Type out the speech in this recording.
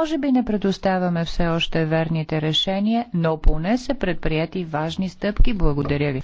Може би не предоставяме все още верните решения, но поне са предприяти важни стъпки. Благодаря ви.